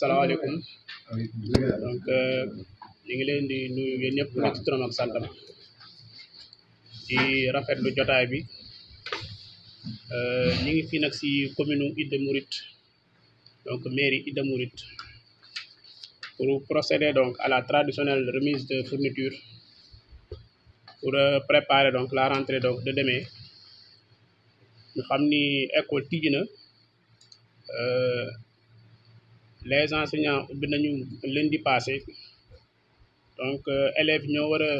salaamaaleykum donc euh, ñu ngi leen di nuyu ci turam ak santam di rafetlu jotaay bi euh, ñu ngi fii nag si commune Ida Mouride donc mairie Ida Mouride pour procéder donc à la traditionnelle remise de fourniture pour euh, préparer donc la rentrée donc de demain ñu xam ni école tijji na. les enseignants ubbi nañu di passé donc euh, élèves ñoo war a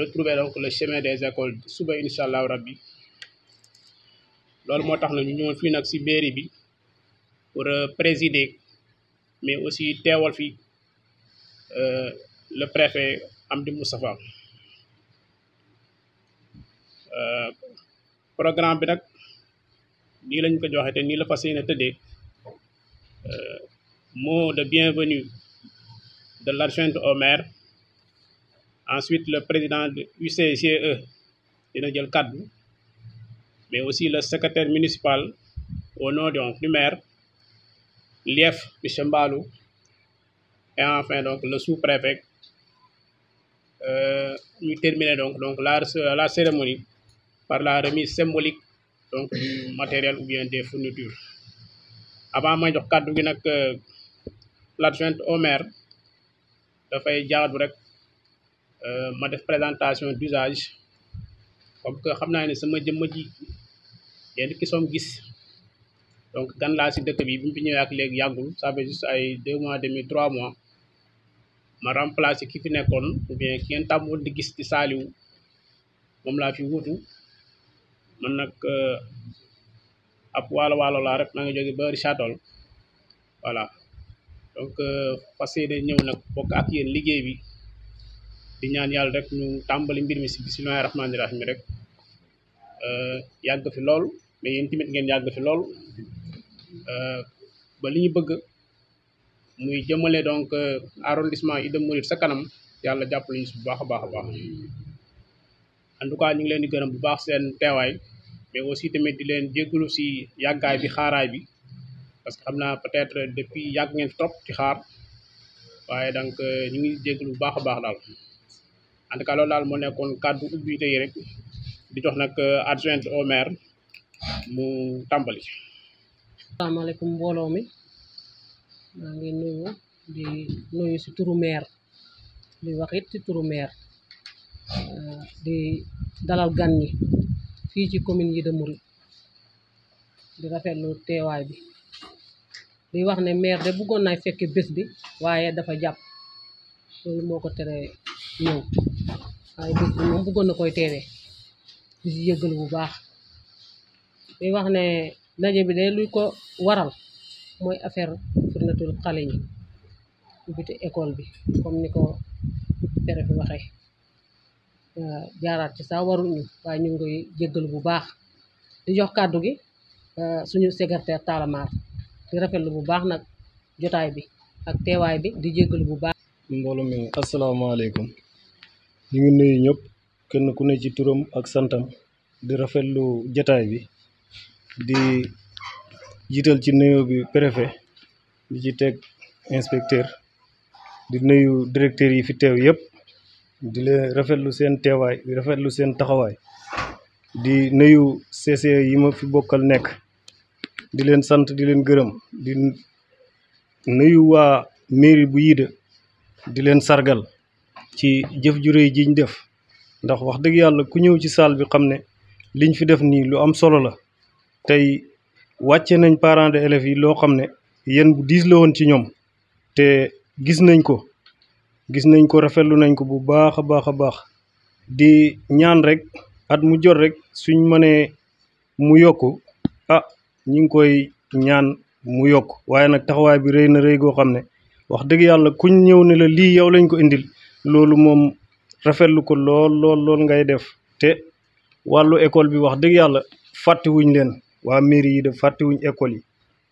retrouver donc le chemin des écoles suba incha allahu rabbi loolu moo tax na ñu ñëwoon fii nag si mairie bi pour euh, présider mais aussi teewal fi euh, le préfet Amdi Moustapha programme bi nag nii lañ ko joxe te nii la fas yéene tëddee Euh, mot de bienvenue de l'adjointe au maire ensuite le président de UCCE dina jël kaddu mais aussi le secrétaire municipal au nom donc du maire l'IEF monsieur Mbalou et enfin donc le sous-préfet euh, ñu terminer donc donc la la cérémonie par la remise symbolique donc du matériel ou bien des fournitures avant may jox kàddu gi nag euh, l'adjointe au maire dafay jaadu rek euh, ma def présentation d'usage comme que xam naa ne sama jëmm ji yéen ki som gis donc gan laa si dëkk bi bi mu fi ñëwee ak léegi yàggul ça juste ay deux mois demi trois mois ma remplacer ki fi nekkoon ou bien ki ngeen tàmmoon di gis di saaliwu moom laa fi wutu man nag euh, ab waalo waalo laa rek na nga jóge ba Richard-Toll voilà donc euh, fas yéene ñëw nag bokk ak yéen liggéey bi di ñaan yàlla rek ñu tàmbali mbir mi si bismillahi rahmaani rahim rek euh, yàgg fi lool mais yéen tamit ngeen yàgg fi lool euh, ba li ñu bëgg muy jëmale donc arrondissement Ida Mouride sa kanam yàlla jàppale ñu si bu baax a baax a baax ñu leen di gërëm bu baax seen teewaay. te aussi tamit di leen jégalu si yàggaay bi xaaraay bi parce que xam na peut-être depuis yàgg ngeen trop ci xaar waaye donc euh, ñu ngi jégalu bu baax a baax daal en tout daal moo nekkoon kàddu ubbi tey rek di jox nag euh, adjointe au maire mu tàmbali. asalaamaaleykum mbooloo mi maa ngi nuyu di nuyu si turu maire di wax it si turu maire euh, di dalal gan ñi. fii ci commune yi de Mouride di rafetlu teewaay bi di wax ne maire de buggoon naa fekke bés bi waaye dafa jàpp moo ko tere ñëw moom bëggoon na koy teewee di si yëgal bu baax di wax ne daje bi de luy ko waral mooy affaire firnatul xale yi ubbite école bi comme ni ko préfet waxee Euh, jaaraat ci sax waruñu waaye ñu ngi koy jéggalu bu baax di jox kàddu gi euh, suñu secrétaire taalamaar di rafet rafetlu bu baax nag jotaay bi ak teewaay bi di jéggalu bu baax mbooloo mi asalaamaaleykum ñu ngi nuyu ñëpp kenn ku ne ci turam ak santam di rafet lu jotaay bi di jiital ci nuyoo bi préfet di ci teg inspecteur di nuyu directeur yi fi teew yëpp di leen rafetlu seen teewaay di rafetlu seen taxawaay di nuyu CCE yi ma fi bokkal nekk di leen sant di leen gërëm di nuyu waa mairie bu Yida di leen sargal ci jëf ju réy ji ñu def ndax wax dëgg yàlla ku ñëw ci salle bi xam ne liñ fi def nii lu am solo la tey wàcce nañ parents d'élèves yi loo xam ne yéen bu diis la woon ci ñoom te gis nañ ko gis nañ ko rafetlu nañ ko bu baax a baax a baax di ñaan rek at mu jot rek suñ mënee mu yokk ah ñu ngi koy ñaan mu yokk waaye nag taxawaay bi rëy na rey goo xam ne wax dëgg yàlla kuñ ñëw ne la lii yow lañ ko indil loolu moom rafetlu ko lool lool lool ngay def te wàllu école bi wax dëgg yàlla fàttewuñ leen waa mairie yi de fàttewuñ école yi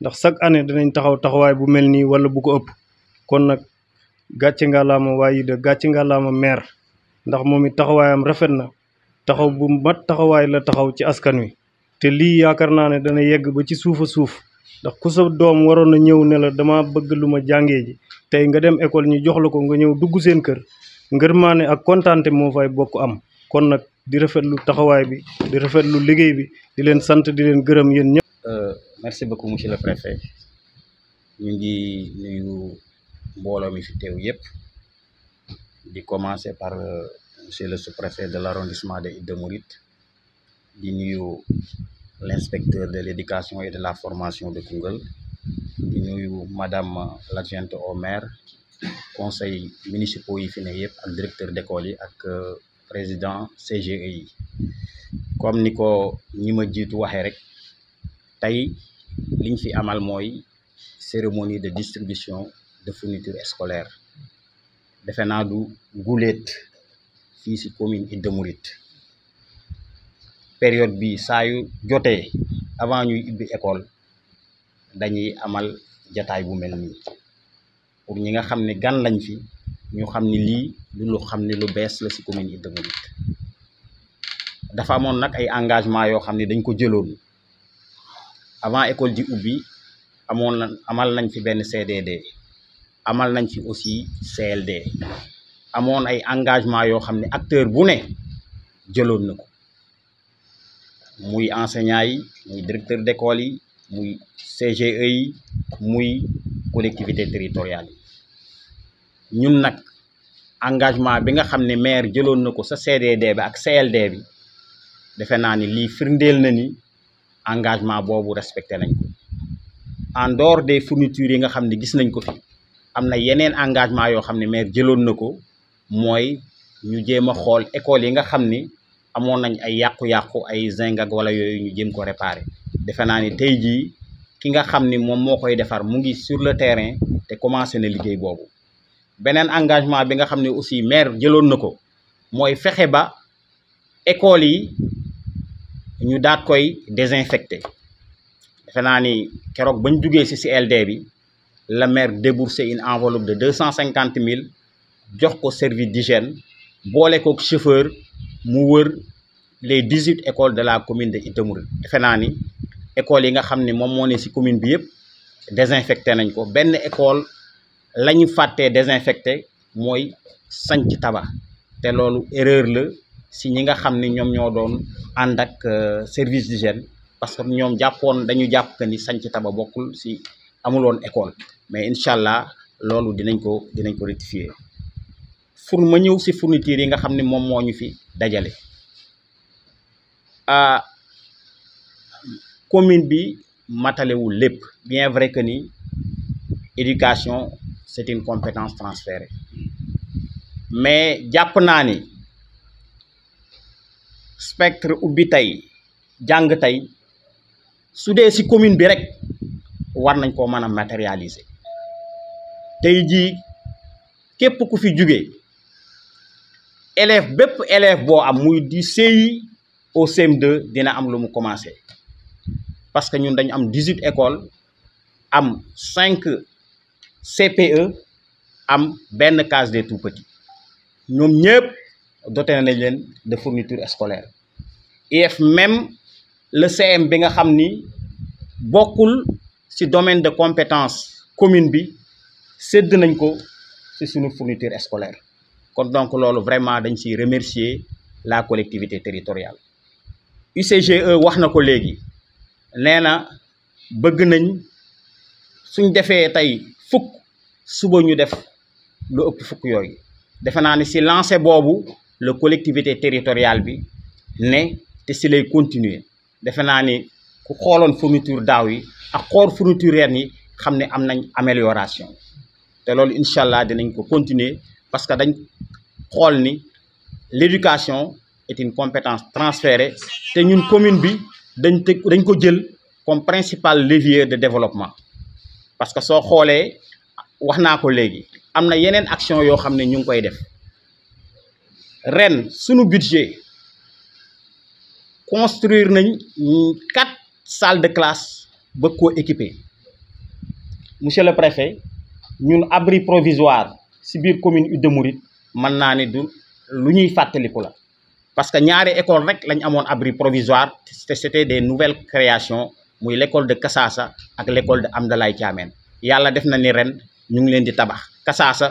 ndax chaque année danañ taxaw taxawaay bu mel nii wala bu ko ëpp kon nag gàcce ngalaama waaye de gàcce ngalaama maire ndax moom it taxawaayam rafet na taxaw bu mat taxawaay la taxaw ci askan wi te lii yaakaar naa ne dana yegg ba ci suuf suuf ndax ku sa doom waroon na ñëw ne la dama bëgg lu ma jàngee ji tey nga dem école ñu jox la ko nga ñëw dugg seen kër ngërmaane ak kontaante moo fay bokk am kon nag di rafetlu taxawaay bi di rafetlu liggéey bi di leen sant di leen gërëm yéen ñëpp. Euh, merci beaucoup monsieur le préfet ñu mbooloo mi fi teew yépp di commencer par euh, monsieur le sous-préfet de l'arrondissement de Ida Mouride di nuyu l'inspecteur de l'éducation et de la formation de Koungheul di nuyu madame euh, l'adjointe au maire conseil municipaux yi fi ne yépp ak directeur d'école yi ak euh, président CGE yi comme ni ko ñi ma jiitu waxee rek tey liñ fi amal mooy cérémonie de distribution de fourniture scolaire defe naa du guléet fii si commune Idda Mouride période bi saayu jotee avant ñuy ibbi école dañuy amal jataay bu mel nii pour ñi nga xam ne gan lañ fi ñu xam ni lii lu lu xam ne lu bees la si commune Idda Mouride dafa amoon nag ay engagement yoo xam ne dañ ko jëloon avant école di ubbi amoon amal nañ fi benn CDD amal nañ ci aussi CLD amoon ay engagement yoo xam ne acteur bu ne jëloon na ko muy enseignant yi muy directeur d'école yi muy CGE yi muy collectivité territoriale yi ñun nag engagement bi nga xam ne maire jëloon na ko sa CDD bi ak CLD bi defe naa ni lii firndeel na ni engagement boobu respecté nañ ko en dehors des fournitures yi nga xam ne gis nañ ko fi am na yeneen engagement yoo xam ne maire jëloon na ko mooy ñu jéem a xool école yi nga xam ni amoon nañ ay yàqu-yàqu ay zinc wala yooyu ñu jëm ko réparer defe naa ni tey jii ki nga xam ni moom moo koy defar mu ngi sur le terrain te commencé na liggéey boobu beneen engagement bi nga xam ne aussi maire jëloon na ko mooy fexe ba école yi ñu daat koy désinfecté defe naa ni keroog bañ jugee ci CLD bi la maire déboursé une enveloppe de deux cent cinquante mille jox ko service d'hygiène boole kook chauffeur mu wër les dix huit écoles de la commune de Ida Mouride defe naa ni écoles yi nga xam ni moom moo ne ci commune bi yëpp désinfecté nañ ko benn école la ñu fàttee désinfecté mooy sanc taba te loolu erreur la si ñi nga xam ni ñoom ñoo doon ànd ak euh, service d'hygiène parce que ñoom jàppoon dañu jàpp que ni sanc taba bokkul si amuloon école mais incha allah loolu dinañ ko dinañ ko rectifier four ma ñëw si fourniture yi nga xam ni moom moo ñu fi dajale ah commune bi matalewul lépp bien vrai que ni éducation c'est une compétence transférée mais jàpp naa ni spectre ubbi tey jàng tey su dee si commune bi rek war nañ ko mën a matérialiser tey jii képp ku fi jóge élève bépp élève boo am muy di CI au CM2 dina am lu mu commencé parce que ñun dañu am 18 école am 5 CPE am benn case des tout petits ñoom ñëpp doté nañ leen de fourniture scolaire IEF même le CM bi nga xam ni bokkul ci domaine de compétence commune bi sédd nañ ko ci suñu fourniture scolaire kon donc loolu vraiment dañ ciy remercier la collectivité territoriale UCGE wax na ko léegi nee na bëgg nañ suñ defee tey fukk suba ñu def lu ëpp fukk yooyu defe naa ni si lancé boobu la collectivité territoriale bi ne te si lay continuer defe naa ni ku xooloon fourniture daaw yi ak xool fourniture ren yi xam ne am nañ amélioration te loolu incha allah dinañ ko continuer parce que dañ xool ni l'éducation est une compétence transférée te ñun commune bi dañ te dañ ko jël comme principal levier de développement parce que soo xoolee wax naa ko léegi am na yeneen action yoo xam ne ñu ngi koy def ren sunu budget construire nañ quatre salles de classe bëgg koo équiper monsieur le préfet ñun abri provisoire si biir commune Idda Mouride mën naa ne du lu ñuy fàttaliku la parce que ñaari école rek lañ amoon abri provisoire te c'était des nouvelles créations muy l'école de Kassaasa ak l'école de Amdalaay Thiamène yàlla def na ni ren ñu ngi leen di tabax Kassaasa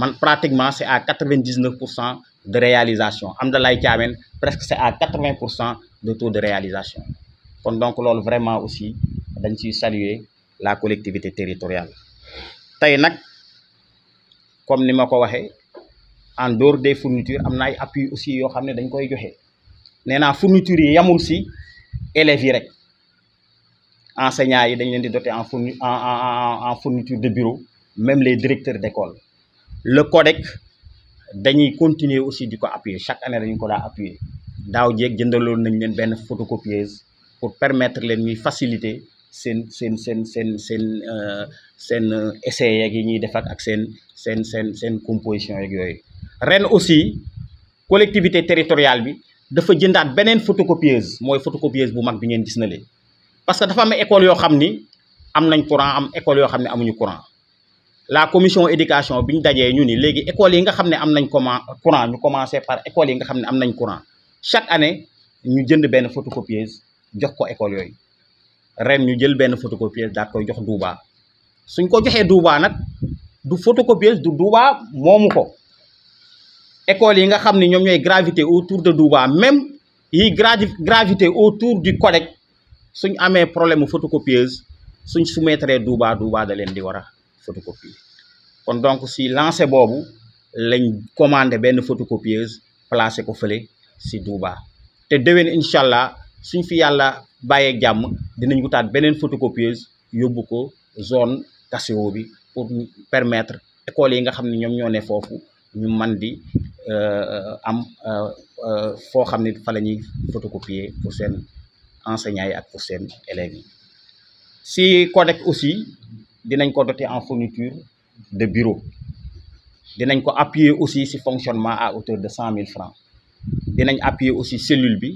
man pratiquement c'est à quatre-vingt-dix-neuf pour cent de réalisation Amdalaay Thiamène presque c'est à quatre-vingts pour cent de taux de réalisation kon donc loolu vraiment aussi dañ ciy saluer la collectivité territoriale tey nag comme ni ma ko waxee en dehors des fournitures am na ay appui aussi yoo xam ne dañ koy joxe nee naa fournitures yi yamul si élèves yi rek enseignants yi dañ leen di dote en fourni en fourniture de bureau même les directeurs d'école le codec dañuy continuer aussi di ko appuyer chaque année dañu ko daa appuyer daaw jéeg jëndaloon nañ leen benn photocopieuse pour permettre leen ñuy faciliter seen seen seen seen seen euh, seen euh, essai yeeg yi ñuy def ak seen seen seen seen composition yeeg yooyu ren aussi collectivité territoriale bi dafa jëndaat beneen photocopieuse mooy photocopieuse bu mag bi ngeen gis na leen parce que dafa am école yoo xam ni am nañ courant am école yoo xam ne amuñu courant la commission éducation bi ñu dajee ñu ni léegi école yi nga xam ne am nañ comment courant ñu commencé par école yi nga xam ne am nañ courant chaque année ñu jënd benn photocopieuse jox ko école yooyu ren ñu jël benn photocopieuse daal koy jox Duuba suñ ko joxee Duuba nag du photocopieuse du Duuba moomu ko école yi nga xam ne ñoom ñooy gravité autour de Duuba même yi gravité autour du collège suñ amee problème photocopieuse suñ soumettre Duuba Duuba da leen di war a photocopier kon donc si lancé boobu lañ commander benn photocopieuse placé ko fële si Duuba te déwén incha suñ fi yàlla bàyyeeg jàmm dinañ taat beneen photocopieuse yóbbu ko zone Casio bi pour permettre écoles yi nga xam ne ñoom ñoo ne foofu ñu man di euh, am euh, euh, foo xam ne fa la ñuy photocopier pour seen enseignants yi ak pour seen élèves yi si codec aussi dinañ ko doter en fourniture de bureau dinañ ko appuyer aussi si fonctionnement à hauteur de cent mille francs dinañ appuyer aussi cellule bi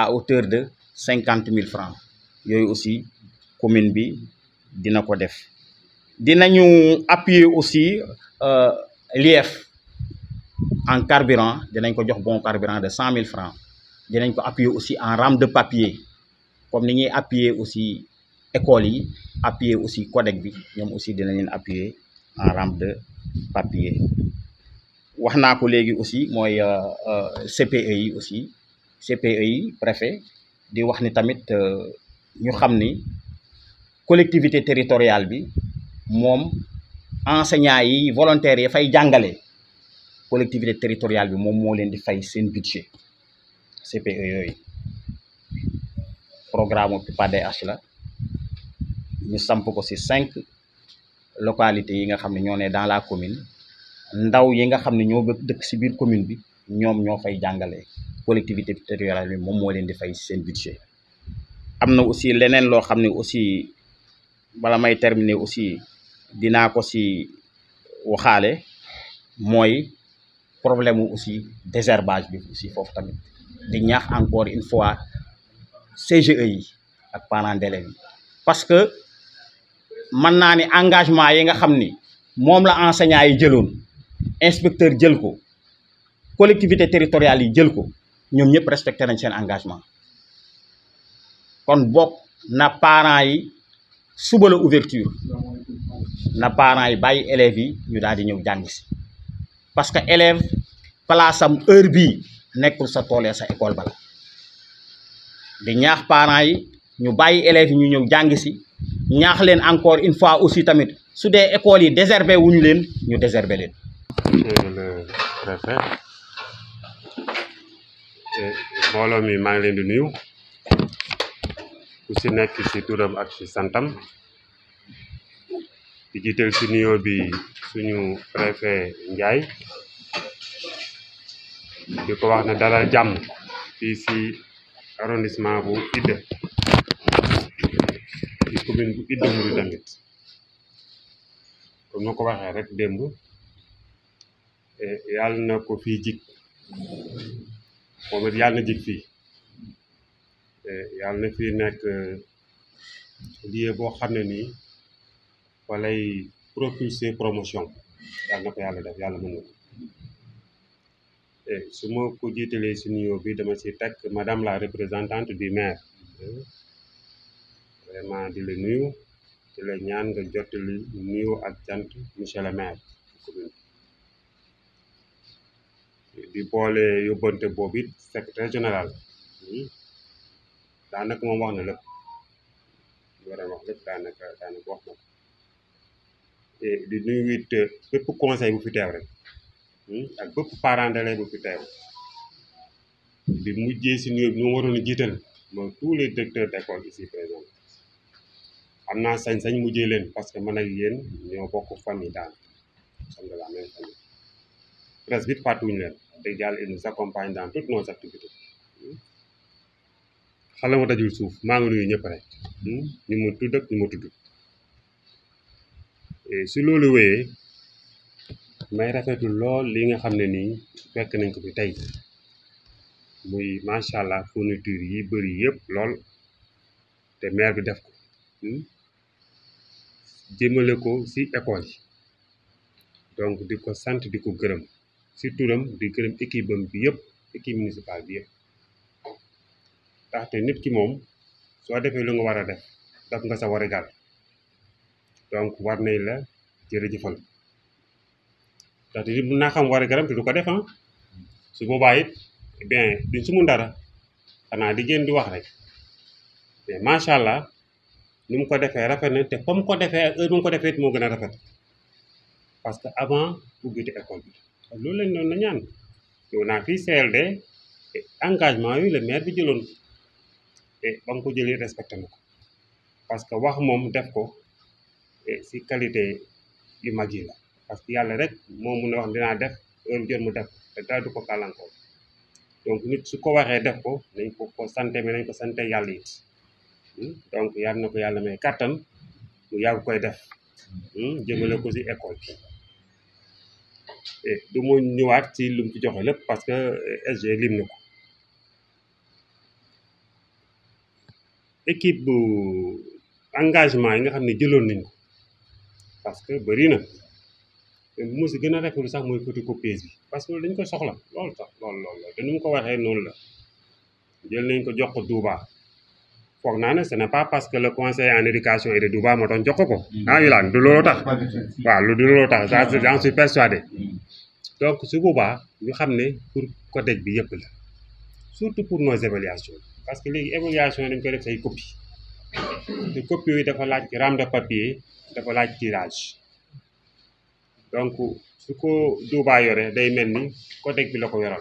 à hauteur de cinquante mille francs yooyu aussi commune bi dina ko def dinañu appuye aussi euh, l'IEF en carburant dinañ ko jox bon carburant de cent mille francs dinañ ko appuyer aussi en rame de papier comme ni ñuy appuyer aussi écoles yi appuyer aussi codec bi ñoom aussi dina leen appuyer en rame de papier wax naa ko léegi aussi mooy euh, euh, CPE yi aussi CPE yi préfet di wax ni tamit euh, ñu xam ni collectivité territoriale bi moom enseignants yi volontaires yi fay jàngale collectivité territoriale bi moom moo leen di fay seen budget CPE yooyu programme PADH la ñu samp ko ci cinq localités yi nga xam ne ñoo nee dans la commune ndaw yi nga xam ne ñoo dëkk ci biir commune bi ñoom ñoo fay jàngale collectivité territoriale bi moom moo leen di fay seen budget am na aussi leneen loo xam ne aussi bala may terminer aussi dinaa ko si waxaale mooy problème mu aussi désherbage bi aussi foofu tamit di ñaax encore une fois CGE yi ak parents d'élèves parce que mën naa ni engagement yi nga xam ni moom la enseignants yi jëloon inspecteur jël ko collectivité territoriale yi jël ko ñoom ñëpp respecté nañ seen engagement kon bokk na parents yi suba la ouverture na parents yi bàyyi élèves yi ñu daal di ñëw jàng si parce que élève place am heure bi nekkul sa tool sa école bala di ñaax parents yi ñu bàyyi élèves yi ñu ñëw jàng si ñaax leen encore une fois aussi tamit su dee école yi désherber wuñu leen ñu désherber leen. Eh, mbooloo mi maa ngi leen di nuyu ku si nekk si turam ak si santam di jiital si bi suñu préfet Ndiaye di ko wax ne dalal jàmm fii si arrondissement bu Idda ci commune bu Idda Mouride tamit ko waxee rek démb eh, yàlla na ko fii moom it yàlla na jig fii yàlla na fii nekk euh, lieu boo xam ne nii walay propulser promotion yàlla na ko yàlla def yàlla mën na ko su ma ko jiitalee si nuyo bi dama si teg madame la représentante du maire vraiment di la nuyu di la ñaan nga jottali nuyu ak cant monsieur maire di boole yóbbante boobu it secrétaire général daanaka moom wax na lépp daanaka daanaka wax na ko di nuyu it euh, bépp conseil bu fi teew rek hmm? ak bépp parent bu fi teew bi mujjee si nuyoo bi ñu waroon a jiital tous les directeurs d'école ici présents am naa sañ-sañ mujjee leen parce que man ak yéen ñoo bokk famille daan xam nga la même leen dëgg yàlla il nous accompagne dans toutes nos activités xala ma dajul suuf maa ngi nuyu ñëpp rek ñu ma tudd ak ñu ma tudd si loolu wéyee may rafetu lool li nga xam ne nii fekk nañ ko fi tey muy macha allah fourniture yi bëri yëpp lool te maire bi def ko jëmale ko si école yi donc di ko sant di ko gërëm si turam di gërëm équipe bam yëpp équipe municipale bi yëpp ndaxte nit ki moom soo defee lu nga war a def daf nga sa waregal donc war nañ la jërëjëfal ndaxte nit mën naa xam waregalam te du ko def ah su boobaa it eh bien duñ su mun dara xanaa di génn di wax rek mais macha allah nu mu ko defee rafet na te comme ko defee ak ko defee it moo gën a rafet parce que avant ubbitu école bi. loolu lañ doon na ñaan ñëw naa fii CLD engagement yooyu le maire bi jëloon te ko jëlee respecté na ko parce que wax moom def ko si qualité yu mag yi la parce que yàlla rek moo mun a wax dinaa def heure bu mu def te dara du ko kàllankoor donc nit su ko waxee def ko nañ ko ko santé mais nañ ko santé yàlla hmm? donc yàlla na ko yàlla may kàttan mu yàgg koy def hmm? jëmale ko si école bi du ma ñëwaat ci lu mu ci joxe lépp parce que euh, SG lim na ko équipe bu engagement yi nga xam ne jëloon nañ ko parce que bëri na mu si gën a rafetlu sax mooy photocopieuse bi parce que loolu dañ ko soxla lool sax lool loolu loolu te ni mu ko waxee noonu la jël nañ ko jox ko Touba foog naa ne ce n'est pas parce que le conseil en éducation et de Duba moo doon jox ko ko ah Wilane du looloo tax waaw lu du looloo tax ah. j'en suis persuadé donc su boobaa ñu xam ne pour CODEC bi yëpp surtout pour nos évaluations parce que léegi évaluation dañ koy def say copie te copie yooyu dafa laaj rame de papier dafa laaj tirage donc su ko Duba yore day mel ni CODEC bi la ko yoral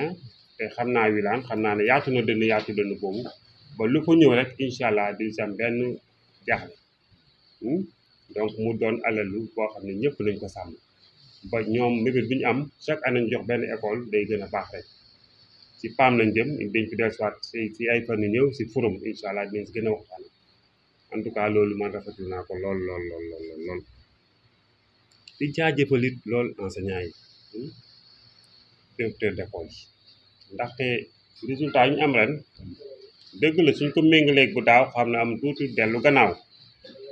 ah te xam naa Wilane xam naa ne yaatu na dënn yaatu dënn boobu ba lu fa ñëw rek incha allah duñ si benn jaaxle hmm? donc mu doon alalu boo xam ne ñëpp nañ ko sàmm ba ñoom mébét bi ñu am chaque année jox benn école day gën a baax rek ci PAM lañ jëm dañ fi dellusiwaat si si ay fan yu ñëw si forum incha allah dinañ si gën a waxtaan en tout cas loolu man rafetlu naa ko lool lool lool lool lool. di jaajëfal lool enseignant yi hmm? directeur d'école yi ndaxte résultat yi ñu am ren. dëgg la suñ ko méngaleeg bu daaw xam ne am tuuti dellu gannaaw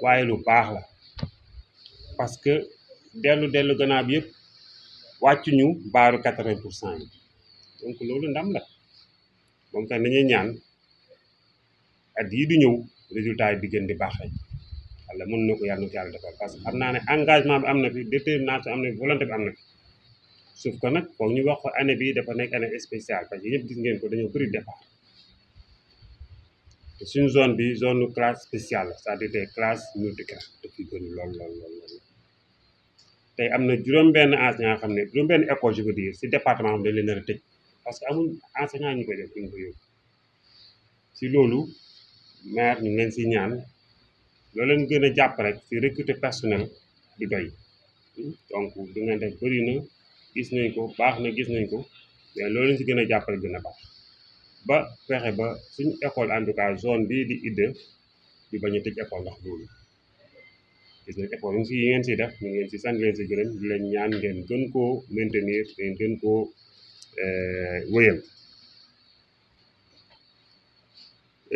waaye lu baax la parce que dellu dellu gannaaw bi yëpp wàccuñu baaru quatre-vingt pour cent yi donc loolu ndam la moom tax nañuy ñaan at yii di ñëw résultat yi di di baaxee walla mën na ko yàlla na ko yàlla defal parce que xam naa ne engagement bi am na fi détermination am na fi volonté bi am na fi sauf que nag foog ñu wax ko année bii dafa nekk année spécial parce que yëpp gis ngeen ko dañoo bëri départ te suñu zone bi zone classe spéciale c'est-à-dire des classes multiclasses lool lool lool tey am na juróom-benn enseignant yoo xam ne juróom-benn école je veux si département am dañ leen nar tëj parce que amul enseignant ñu koy def duñ ko yóbbu si loolu maire ñu ngi leen ñaan loolu leen gën a jàpp rek si recruter personnel di doy donc du ngeen def bëri gis nañ ko baax na gis nañ ko mais loolu leen si gën a jàpp rek gën baax ba fexe ba suñ école en tout cas zone bii di idde di bañ a tëj école ndax loolu gis nañ école yi ngeen si def ñu si san leen si gërëm di leen ñaan ngeen gën koo maintenir ngeen gën koo eh, wëyal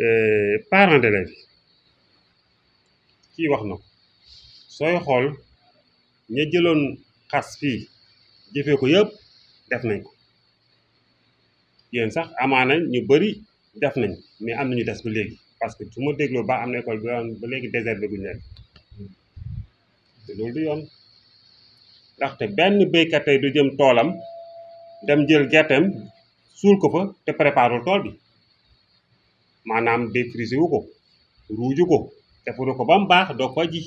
eh, parents d'élèves kii wax na ko sooy xool ña jëloon xas fii jëfee ko yëpp def nañ ko yéen sax amaana ñu bëri def nañ mais am na nañu des ba léegi parce que su ma dégloo ba am na école ba léegi déserté bu ñu nekk te loolu du yoon ndaxte benn béykat du jëm toolam dem jël gerteem suul ko fa te préparé tool bi maanaam défrisé wu ko ruuju ko defaru ko ba mu baax doo ko ji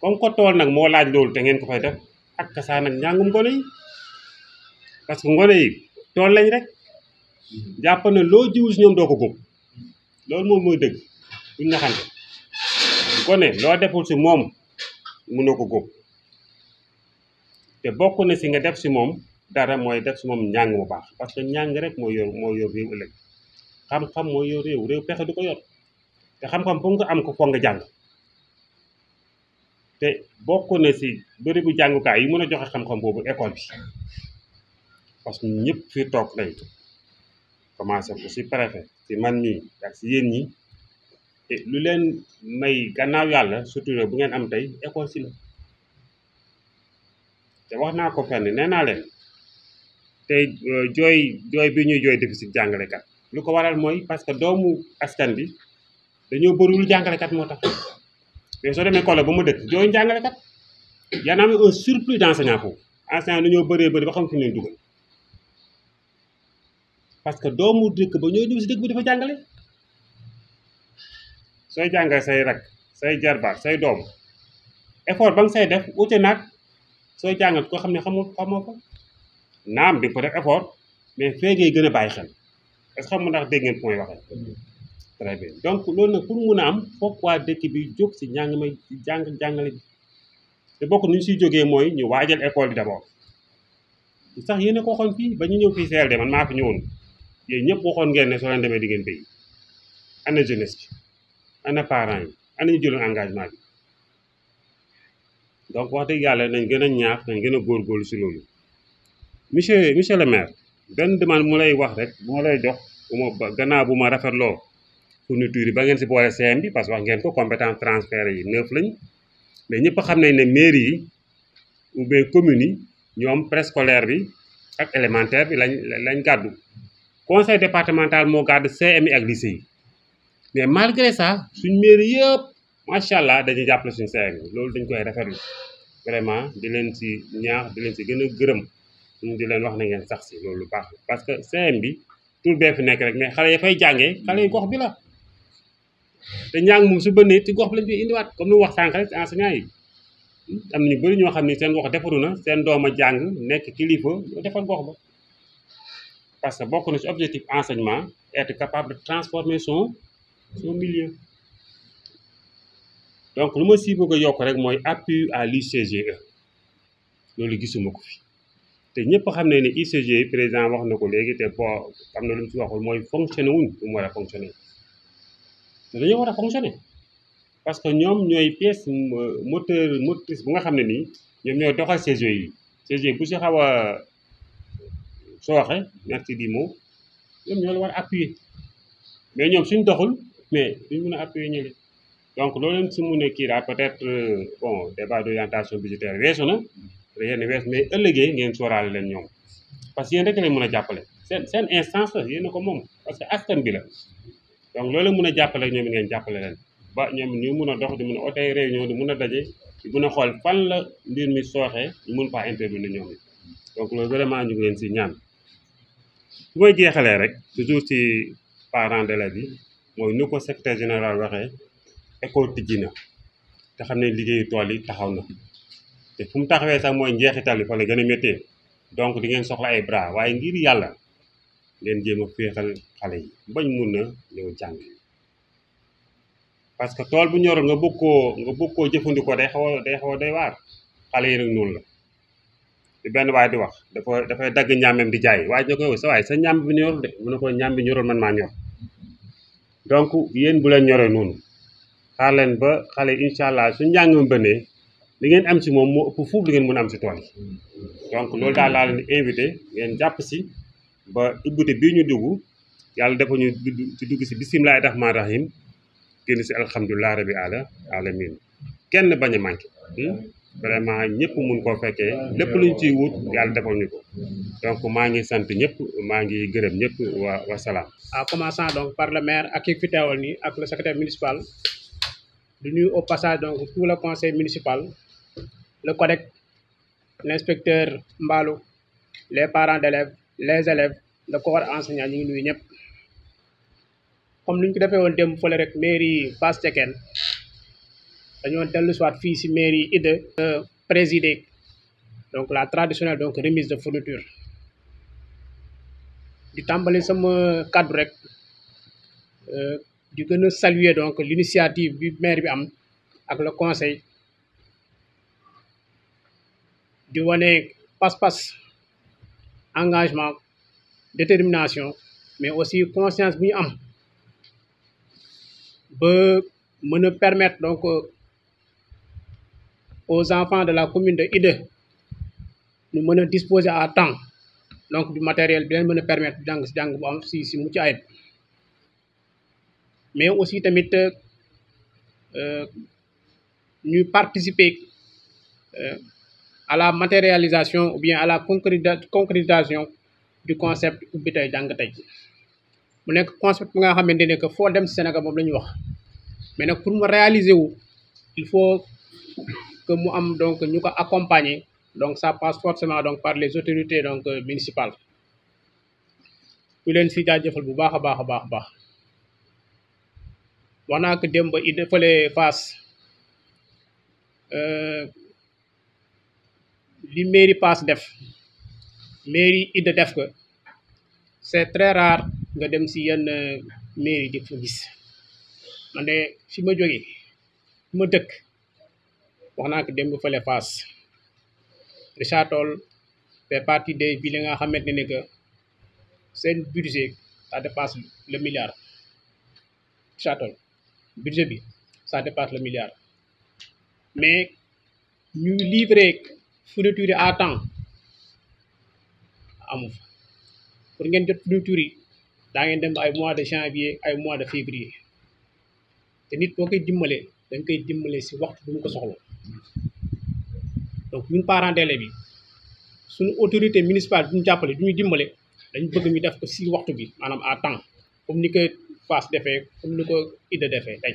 comme ko tool nag moo laaj loolu te ngeen ko fay def ak kasaa nag ñàngum gone yi parce que ngone yi tool lañ rek jàpp ne loo jiwu si ñoom doo ko góob loolu moom mooy dëgg duñ naxante bu ko loo deful si moom mënoo ko góob te bokk na si nga def si moom dara mooy def si moom njàng mu baax parce que njàng rek moo yor moo yor réew ëllëg xam-xam moo yor réew pexe du ko yor te xam-xam foog nga am ko foog nga jàng te bokk na si bëri bu jàngukaay yi mën a joxe xam-xam boobu école bi parce que ñun ñëpp fii toog tey commencé ko si préfet si man mii ak si yéen ñi lu leen may gannaaw yàlla surtout bu ngeen am tey école si la te wax naa ko fenn nee naa leen te euh, jooy jooy bi ñuy jooy déficit jàngalekat lu ko waral mooy parce que doomu askan bi dañoo bëriwul jàngalekat moo tax mais soo demee collège ba mu dëkk jooy jàngalekat yaa naa am un surplus d'enseignants foofu na ñoo bëree bëri ba xam fi ñu leen dugal parce que doomu dëkk ba ñoo ñëw si dëkk bi dafa jàngale sooy jàngal say rak say jarbaat say doom effort ba nga say def wute naag sooy jàngal koo xam ne xamul xamoo ko naam di nga ko mais fee gën a bàyyi xel est ndax dégg ngeen fu may waxee donc loolu nag pour mun a am foog waa dëkk bi jóg si njàng may jàng jàngale bi te bokk ni ñu siy jógee mooy ñu waajal école bi d'abord sax yéen koo ko fii ba ñu ñëw fii CLD man maa fi ñëwoon yéen ñëpp waxoon ngeen ne soo leen demee di ngeen béy ana jeunesse bi ana parents yi ana ñu jëloon engagement bi donc wax dëgg yàlla nañ gën a ñaax nañ gën a góorgóorlu si monsieur monsieur le maire benn demande mu lay wax rek bu ma lay jox bu ma gannaaw bu ma rafetloo fourniture yi ba ngeen si boole CM bi parce que wax ngeen ko compétence transfert yi neuf lañ mais ñëpp xam nañ ne mairie yi ou commune yi ñoom préscolaire bi ak élémentaire bi lañ lañ gàddu conseil départemental moo garde CMI ak lycée yi mais malgré ça suñ mairie yëpp macha allah dañuy jàppale suñu CMI loolu dañ koy rafetlu vraiment di leen ci ñaax di leen ci gën a gërëm di leen wax na ngeen sax si loolu lu baax parce que CM bi tur bee nekk rek mais xale yi fay jàngee xale yi gox bi la te njàng moom su bënnee ci gox bi lañ bi indiwaat comme nu wax sànq rek ci enseignant yi am na ñu bëri ñoo xam ne seen gox defaru na seen doom a jàng nekk kilifa defal gox ba. parce que bokk na ci objectif enseignement être capable de transformer son son milieu donc lu ma si yokk rek mooy appui à l'ICGE loolu gisuma ko fi te ñëpp xam ne ni ICGE président wax na ko léegi te bo am na lu mu ci waxul mooy fonctionner wuñ lu mu war a fonctionner dañoo war a fonctionner parce que ñoom ñooy pièce moteur motrice bu nga xam ne nii ñoom ñooy doxal CGE yi e bu si xaw soo waxee merci di mot ñoom ñoo la war a appuyer mais ñoom suñ doxul mais duñ mën a appuyer ñële donc loolu leen si mun a kii daal peut-être euh, bon débat d'orientation budgétaire weesu na da ngeen wees mais ëllëgee ngeen sóoraale leen ñoom parce que yéen rek a jàppale seen seen instance yéen ko moom parce que askan bi la donc loolu la mën a jàppale ñoom it ngeen jàppale leen ba ñu mun a dox di mun a ootey réunion di mun a daje di mun a xool fan la mbir mi sooxee ñu mun faa intervenir ñoom it donc loolu vraiment ñu ngi leen si ñaan su may jeexalee rek toujours ci parents d'élèves bi mooy nu ko secrétaire général waxee école tijji na te xam ne liggéeyu tool yi taxaw na te fu mu taxawee sax mooy njeexital yi fa gën a méttee donc di ngeen soxla ay bras waaye ngir yàlla ngeen jéem a féexal xale yi bañ mun na ñëw jàng parce que tool bu ñorul nga bëgg koo nga bëgg koo jëfandikoo day xaw a day xaw day waar xale yi nag noonu la benn waay di wax dafa dafay dagg ñàmmeem di jaay waaye ñu koy sa waay sa ñàmm bi ñorul de mu ne ko ñàmm bi ñorul man maa ñor donc yéen bu leen ñoree noonu xaar ba xale incha allah su njàngam bënee li ngeen am si moom moo ëpp fuuf li ngeen mën am si tool yi donc loolu daal laa leen invité ngeen jàpp si ba ubbite bii ñu dugg yàlla dafa ñu dugg si bisimilahi rahmaani rahim génn si alhamdulilah rabi ala alamin kenn bañ a manqué hmm? vraiment ñëpp mun koo fekkee lépp lu ñu ci wut yàlla defal ñu ko donc maa ngi sant ñëpp maa ngi gërëm ñëpp wa wasalaam. en commençant donc par le ak ki fi teewal nii ak le secrétaire municipal du nuyu au passage donc tout la conseil municipal le CODEC l' inspecteur Mbalou les parents d' élèves les élèves la corps enseignant ñu ngi nuyu ñëpp comme ni ñu ko defee woon démb fële rek mairie Fass Cekkeen dañoo dellu soit fi si mairie Ida euh, présider donc la traditionnelle donc remise de fourniture di tàmbali sama kaddu rek euh, di gën a saluer donc l'initiative bi maire bi am ak le conseil di wane pas-pas engagement détermination mais aussi conscience bu ñu am ba mën a donc aux enfants de la commune de Idé ñu mën a disposer à temps donc du matériel bi leen mën a permettre jàng si jàng bu si si mucc mais aussi tamit euh, ñuy participer euh, à la matérialisation ou bien à la concrétisation du concept ubbi tey jàng tey mu nekk concept bi nga xamante ne que foo dem Sénégal moom la wax mais nag pour mu réaliser il faut que mu am donc ñu ko accompagner donc ça passe forcément donc par les autorités donc euh, municipales ñu leen si jaajëfal bu baax a baax a baax a baax wax naa ko démb i defalee face euh, li mairie passe def mairie idda def ko c'est très rare nga dem si yenn euh, mairie di fa gis man de fi ma dëkk wax naa ko démb fële Fass Richard Toll fait partie des villes yi nga xamante ne que seen budget ça dépasse le milliard Richard Toll budget bi ça dépasse le milliard mais ñu livrer fourniture à temps amu pour ngeen jot fourniture daa ngeen dem ay mois de janvier ay mois de février te nit boo koy dimbalee da nga koy dimbale si waxtu bu ko soxla donc ñun parents d'élèves yi suñu autorité municipale duñu jàppale duñu dimbale dañu bëgg ñu def ko si waxtu bi maanaam à temps comme ni ko Fass defee comme ni ko Ida defee tey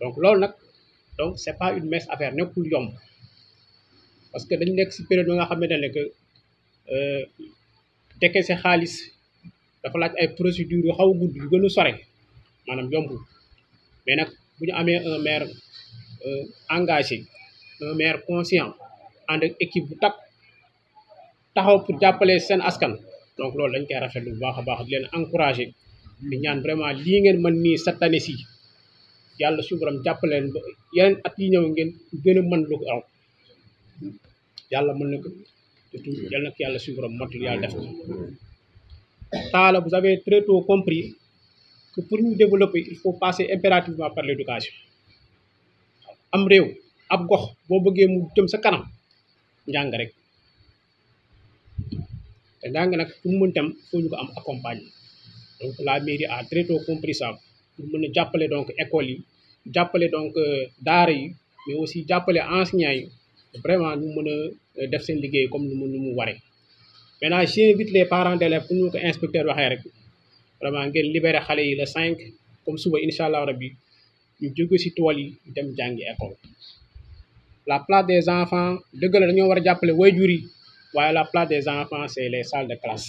donc loolu nag donc c'est pas une mince affaire nekkul yomb parce que dañ nekk si période bi nga xamante ne que se euh, xaalis dafa laaj ay procédures yu xaw a gudd yu gën a sore maanaam yombul mais nag bu ñu amee un maire Euh, engagé un maire conscient ànd ak équipe bu takk taxaw pour jàppale seen askan donc loolu dañ koy rafet bu baax a baax di leen encouragé di ñaan vraiment lii ngeen man nii cette année ci yàlla suñu borom jàppale leen ba yeneen at yi ñëw ngeen gën mën lu ko aw yàlla mën na ko surtout yal yàlla suñu borom motul yàlla def ko Talla vous très tôt compris que pour ñu développer il faut passer impérativement par l'éducation am réew ab gox boo bëggee mu jëm sa kanam njàng rek te njàng nag fu mu mën tam ñu ko am accompagner donc la mairie a très tôt compris ça pour mën a jàppale donc école yi jàppale donc euh, daara yi mais aussi jàppale enseignants yi vraiment ñu mën a euh, def seen liggéey comme nu mu nu mu waree maintenant j'invite les parents d'élèves pour ñu inspecteur waxee rek vraiment ngeen libéré xale yi le 5 comme suba incha allah rabbi ñu jóge ci tool yi dem jàngi école la place des enfants dëgg la dañoo war a jàppale waajur yi waaye la place des enfants c'est les salles de classe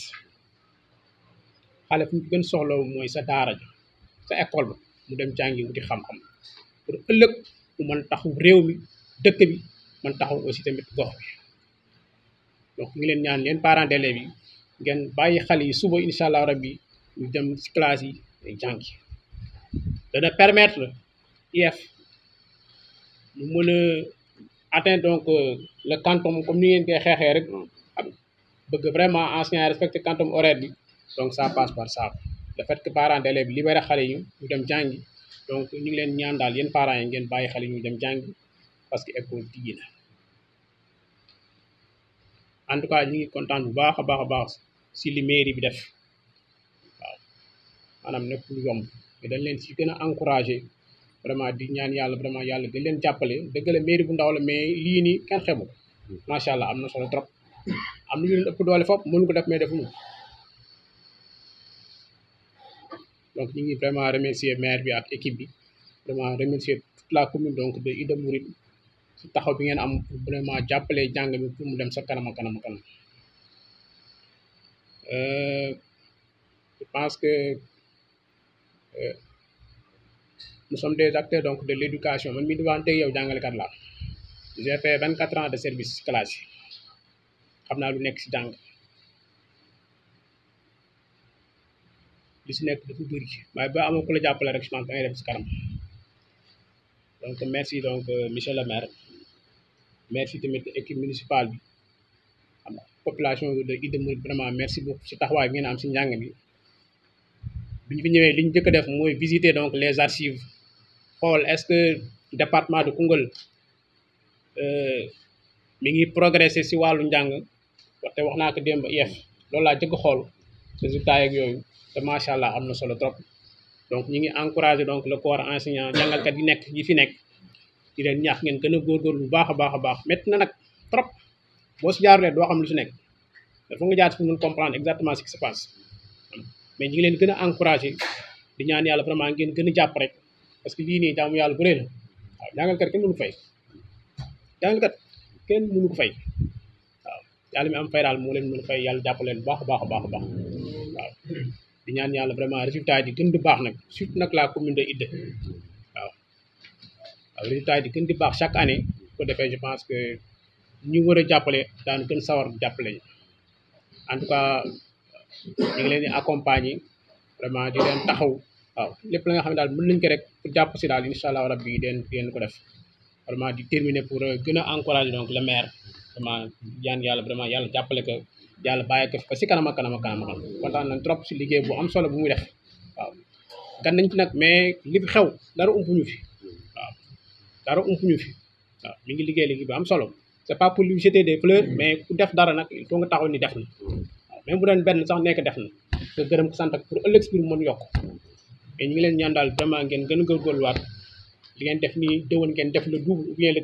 xale fu ñu soxla mooy sa daara ja sa école ba mu dem jàngi wuti xam-xam pour ëllëg mu mën taxu réew mi dëkk bi mën taxaw aussi tamit gox bi donc ngi leen ñaan leen parents d'élèves yi ngeen bàyyi xale yi suba incha allah rabbi ñu dem ci classe yi jàngi dana permettre IF e mu mën a atteindre donc euh, le quantum comme ni ngeen koy xeexee rek hmm. bëgg vraiment enseignant respecté quantum horaire bi donc ça passe par ça le fait que parents d'élèves libéré xale yi ñu dem jàngi donc ñu ngi leen ñaan daal yéen parent yi ngeen bàyyi xale yi ñu dem jàngi parce que école diggi na en tout cas ñu ngi kontaan bu baax a baax a baax si li mairie bi def waaw maanaam nekk yomb mais dañ si gën a encouragé vraiment di ñaan yàlla vraiment yàlla gën leen jàppale dëgg la bu ndaw la mais lii nii kenn xemu macha allah am na solo trop am na ñu leen ëpp doole fop mënu ko def mais defuñu donc ñu ngi vraiment remercier maire bi ak équipe bi vraiment remercier toute la commune donc de Ida Mouride si taxaw bi ngeen am vraiment jàppale jàng mi pour mu dem sa kanam kanam kanam euh, je pense que. Euh, nous sommes des acteurs donc de l'éducation man mii di wax tey yow jàngalekat laa j'ai fait vingt quatre ans de service classe xam naa lu nekk si jàng li si nekk dafa bëri waaye ba amoo ku la jàppale rek je pense da ngay dem si kanam donc merci donc euh, monsieur le maire merci tamit équipe municipale bi am population de Ida Mouride vraiment merci beaucoup si taxawaay ngi ngeen am si njàng mi bi ñu fi ñëwee li ñu njëkk a def mooy visiter donc les archives xool est-ce que département de Koungheul euh, mi ngi progresser si wàllu njàng waxte wax naa ko démb IEF loolu laa jëkk xool résultat yeeg yooyu te macha allah am na solo trop donc ñu ngi encourager donc le corps enseignant jàngalkat yi nekk yi fi nekk di leen ñaax ngeen gën a góorgóorlu bu baax a baax a baax métti na nag trop boo si jaarulee doo xam lu si nekk dafa nga jaar si mën comprendre exactement ce qui se passe mais ñu ngi leen gën a encouragé di ñaan yàlla vraiment ngeen gën a jàpp rek parce que lii nii jaamu yàlla bu rëy la waaw jàngalkat kenn kenn mënu fay waaw yàlla mi am fay daal moo leen mën fay yàlla jàpp leen baax a baax a baax a baax waaw di ñaan résultat di gën di baax nag surtout nag la commune de Idda waaw waaw di gën di baax chaque année ko defee je pense que ñu war a jàppale daanu gën sawar jàppale en tout cas ñu ngi leen taxaw waaw lépp la nga xam ne daal mën nañ ko rek jàpp si daal incha allah rabbi yi deen deen ko def vraiment di terminer pour euh, gën a encourager donc le maire yàlla vraiment yàlla jàppale ko yàlla bàyyi ko ba si kanam kanam ak kanam xam trop si liggéey boo am solo bu muy def waaw gan nañ ci nag mais li fi xew dara ump ñu fi waaw dara fi waaw ngi liggéey liggéey bu am solo c'est pas pour lui jeter des fleurs mais def dara nag il faut nga taxaw ni def na mais bu doon benn sax nekk def na nga gërëm ko sant ak pour ëllëg si biir mën yokk mais ñu leen ñaan daal vraiment ngeen gën a góorgóorluwaat li ngeen def nii déwén ngeen def la double ou bien le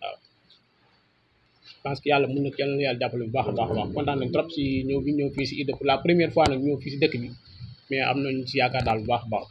waaw parce yàlla mën na yàlla na yàlla jàppale bu baax a baax a baax kontaan nañ trop si ñëw bi ñëw fii si Idda pour la première fois nag ñëw fii si dëkk bi mais am nañ si yaakaar daal bu baax a baax